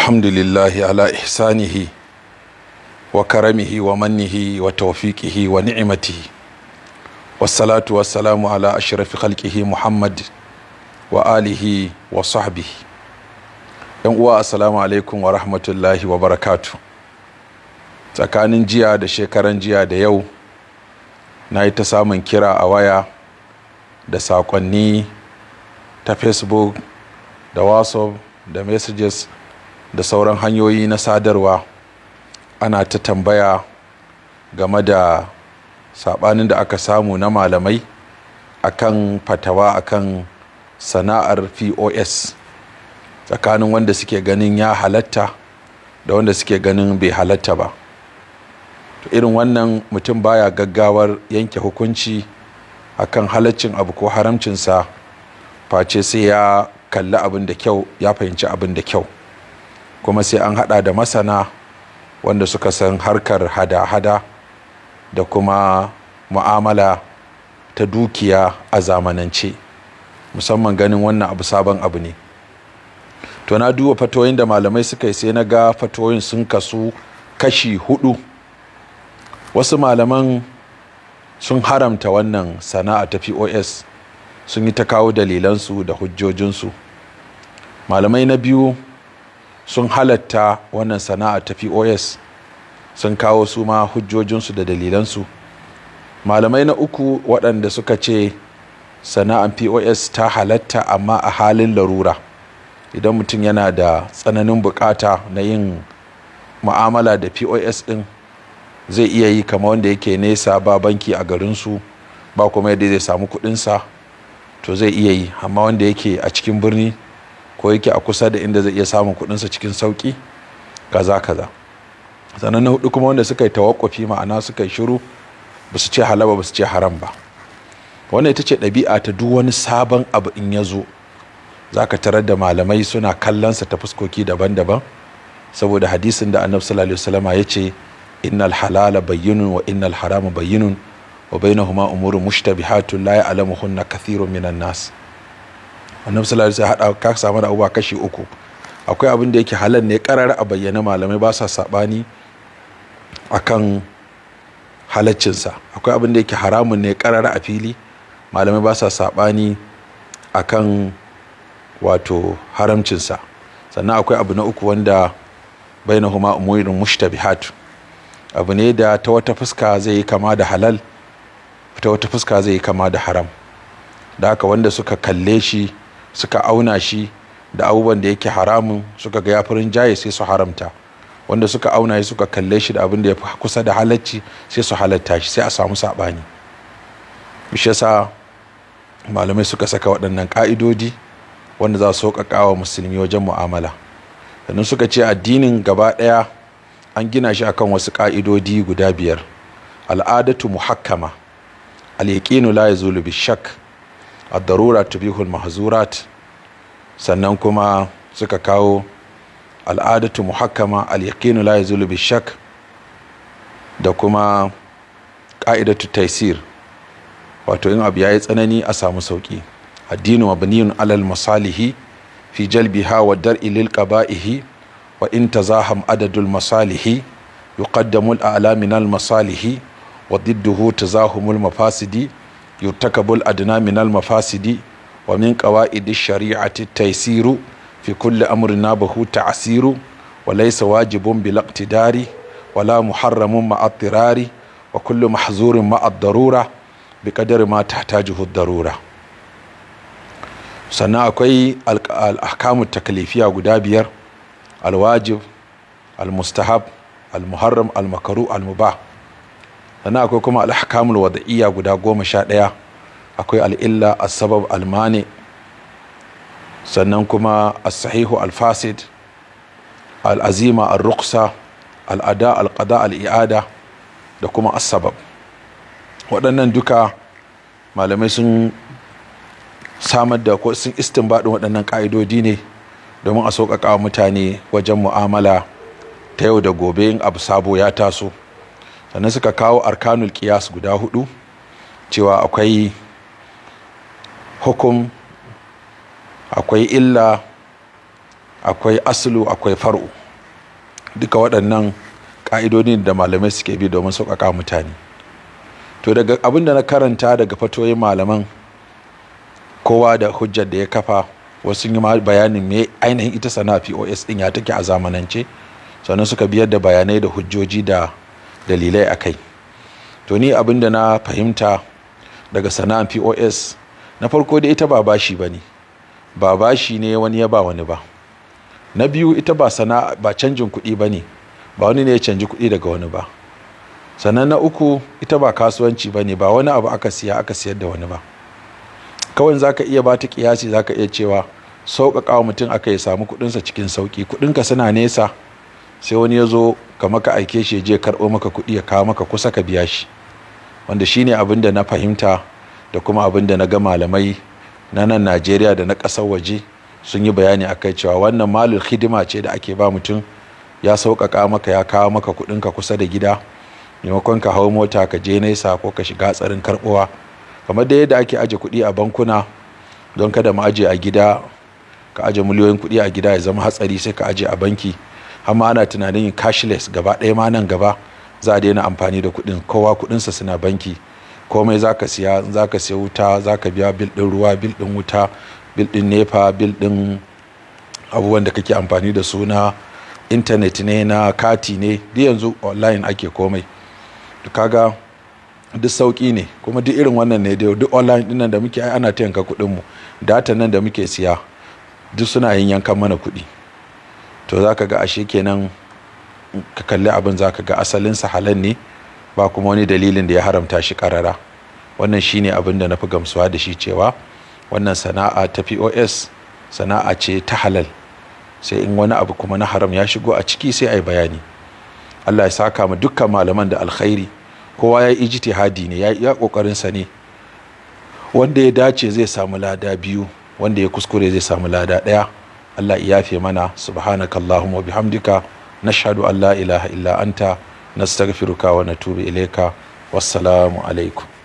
alhamdulillahi ala ihsanihi wa karamihi wa mannihi wa tawfiqihi wa ni'imatihi wassalatu wassalamu ala ashrafi khalqihi muhammad wa alihi wa sahbihi yan uwa assalamu alaikum wa rahmatullahi wa barakatu tsakanin jiya da shekaran jiya da yau na yi ta samun kira a waya da saƙonni ta facebook da whatsapp da messages da sauran hanyoyi na sadarwa ana ta tambaya game da saɓanin da aka samu na malamai akan fatawa akan sana'ar pos tsakanin wanda suke ganin ya halatta da wanda suke ganin bai halatta ba to irin wannan mutum baya gaggawar yanke hukunci akan halaccin abu ko haramcinsa face sai ya kalli abin da kyau ya fahimci abin da kyau kuma sai an hada da masana wanda suka san harkar hada-hada da kuma mu'amala ta dukiya a zamanance musamman ganin wannan abu sabon abu ne to na duba fatoyin da malamai suka yi sai na ga fatoyin sun kasu kashi hudu wasu malaman sun haramta wannan sana'a ta pos sun yi ta kawo dalilansu da hujjojinsu malamai na biyu sun halatta wannan sana'a ta pos sun kawo su ma hujjojinsu da dalilansu malamai na uku waɗanda suka ce sana'an pos ta halatta amma a halin larura idan mutum yana da tsananin bukata na yin ma'amala da pos ɗin zai iya yi kama wanda yake nesa ba banki a garinsu ba kuma yadda zai samu kuɗinsa to zai iya yi amma wanda yake a cikin birni ko yake a kusa da inda zai iya samun kuɗinsa cikin sauƙi kaza kaza sannan na hudu kuma wanda suka yi tawakkufi ma'ana suka yi shiru ba su ce halaba ba su ce haram ba wannan ita ce ɗabi'a ta duk wani sabon abu in ya zo za ka tarar da malamai suna kallonsa ta fuskoki daban-daban saboda hadisin da annabi sallallahu alaihi wasallam ya ce innal halala bayyinun wa innal harama bayyinun wa bainahuma umurun mushtabihatun la ya'lamuhunna kathirun minan nas annabi sallallahu alaihi wasallam hada ka samu da abubuwa kashi uku akwai abin da yake halal ne karar a bayyana malamai ba sa sabani akan halaccinsa akwai abin da yake haramun ne karar a fili malamai ba sa sabani akan wato haramcinsa sannan akwai abu na uku wanda huma umurin mushtabihat abu ne da ta wata fuska zai yi kama da halal ta wata fuska zai yi kama da haram da haka wanda suka kalle shi suka auna shi da abubuwan da yake haramun suka ga ya yafirin jaye sai su haramta wanda suka auna shi suka kalle shi da abin da ya fi kusa da halacci sai su halatta shi sai a samu saɓani shi malamai suka saka waɗannan ƙa'idodi wanda za su sauƙaƙa wa musulmi wajen mu'amala sannan suka ce addinin gaba ɗaya an gina shi akan wasu ƙa'idodi guda biyar al'adatu muhakkama al ya la yazulu shak addarura darura tubihul mahzurat sannan kuma suka kawo al'adatu muhakkama al la yazulu bishak da kuma ƙa'idatu taisir wato in abu ya yi tsanani a samu sauki addinu mabniyun alal masalihi fi jalbiha wa dar'i lil qaba'ihi wa in tazaham adadul masalihi yuqaddamul a'la minal masalihi wa didduhu tazahumul mafasidi yurtakabul adna min al mafasidi wa min qawaidi shari'ati taysiru fi kulli amrin nabahu ta'siru wa laysa wajibun bil iqtidari wala muharramun ma tirari wa kullu mahzurin ma'a darura bi qadari ma tahtajuhu darura sannan akwai al taklifiya guda biyar alwajib almustahab almuharram almakaru almubah sannan akwai kuma alhakamul wada'iyya guda goma sha ɗaya akwai al'illa asabab almani sannan kuma asahihu alfasid al'azima al-ruksa al'ada al'ada al'iada da kuma sabab waɗannan duka malamai sun samar da ko sun istinbadin waɗannan ƙa'idodi ne domin a sauƙaƙa mutane wajen mu'amala ta yau da gobe in abu sabo ya taso sannan suka kawo arkanul kiyas guda hudu cewa akwai hukum akwai illa akwai asulu akwai far'u duka waɗannan ƙa'idodin da malamai suke bi domin sauƙaƙa mutane to daga abin da na karanta daga fatoyin malaman kowa da hujjar da ya kafa wasu yi bayanin me ainihin ita sana pos ɗin ya take a zamanance sannan suka biyar da bayanai da hujjoji da dalilai a kai to ni abin da na fahimta daga sana'an pos na farko da ita ba bashi ba ne ba bashi ne wani ya ba wani ba na biyu ita ba sana'a ba canjin kuɗi ba ne ba wani ne ya canji kuɗi daga wani ba sannan na uku ita ba kasuwanci ba ne ba wani abu aka siya aka siyar da wani ba kawai za ka iya ba ta kiyasi za ka iya cewa sauƙaƙa mutum aka ya samu kuɗinsa cikin sauƙi kuɗinka suna nesa sai wani ya zo ka maka aike shi je karɓo maka kuɗi ya kawo maka kusa ka biya shi wanda shine abin da na fahimta da kuma abin da na ga malamai na nan najeriya da na ƙasar waje sun yi bayani a kai cewa wannan malul hidima ce da ake ba mutum ya sauƙaƙa maka ya kawo maka kuɗin ka kusa da gida maimakon ka hau mota ka je nesa ko ka shiga tsarin karɓowa kamar da yadda ake aje kuɗi a bankuna don kada mu aje a gida ka aje miliyoyin kuɗi a gida ya zama hatsari sai ka aje a banki amma ana tunanin cashless gaba ɗaya ma nan gaba za a daina amfani da kuɗin kowa kuɗinsa suna banki komai za ka siya za ka siya wuta za ka biya bil ɗin ruwa bil ɗin wuta bil ɗin nepa bil ɗin abubuwan da kake amfani da su na intanet ne na kati ne duk yanzu online ake komai to kaga duk sauki ne kuma duk irin wannan ne duk online nan da muke ai ana ta yanka kuɗin mu data nan da muke siya duk suna yin yankan mana kuɗi to za ka ga ashe kenan ka kalli abin za ka ga asalinsa halal ne ba kuma wani dalilin da ya haramta shi karara wannan shine abin da na fi gamsuwa da shi cewa wannan sana'a ta pos sana'a ce ta halal sai in wani abu kuma na haram ya shigo a ciki sai a yi bayani allah ya saka ma dukkan malaman da alkhairi kowa ya yi ijtihadi ne ya yi kokarinsa ne wanda ya dace zai samu lada biyu wanda ya kuskure zai samu lada ɗaya Allah yafe mana subhanaka allahumma bihamdika nashhadu an la ilaha illa anta nastaghfiruka wa natubu ilaika wassalamu alaikum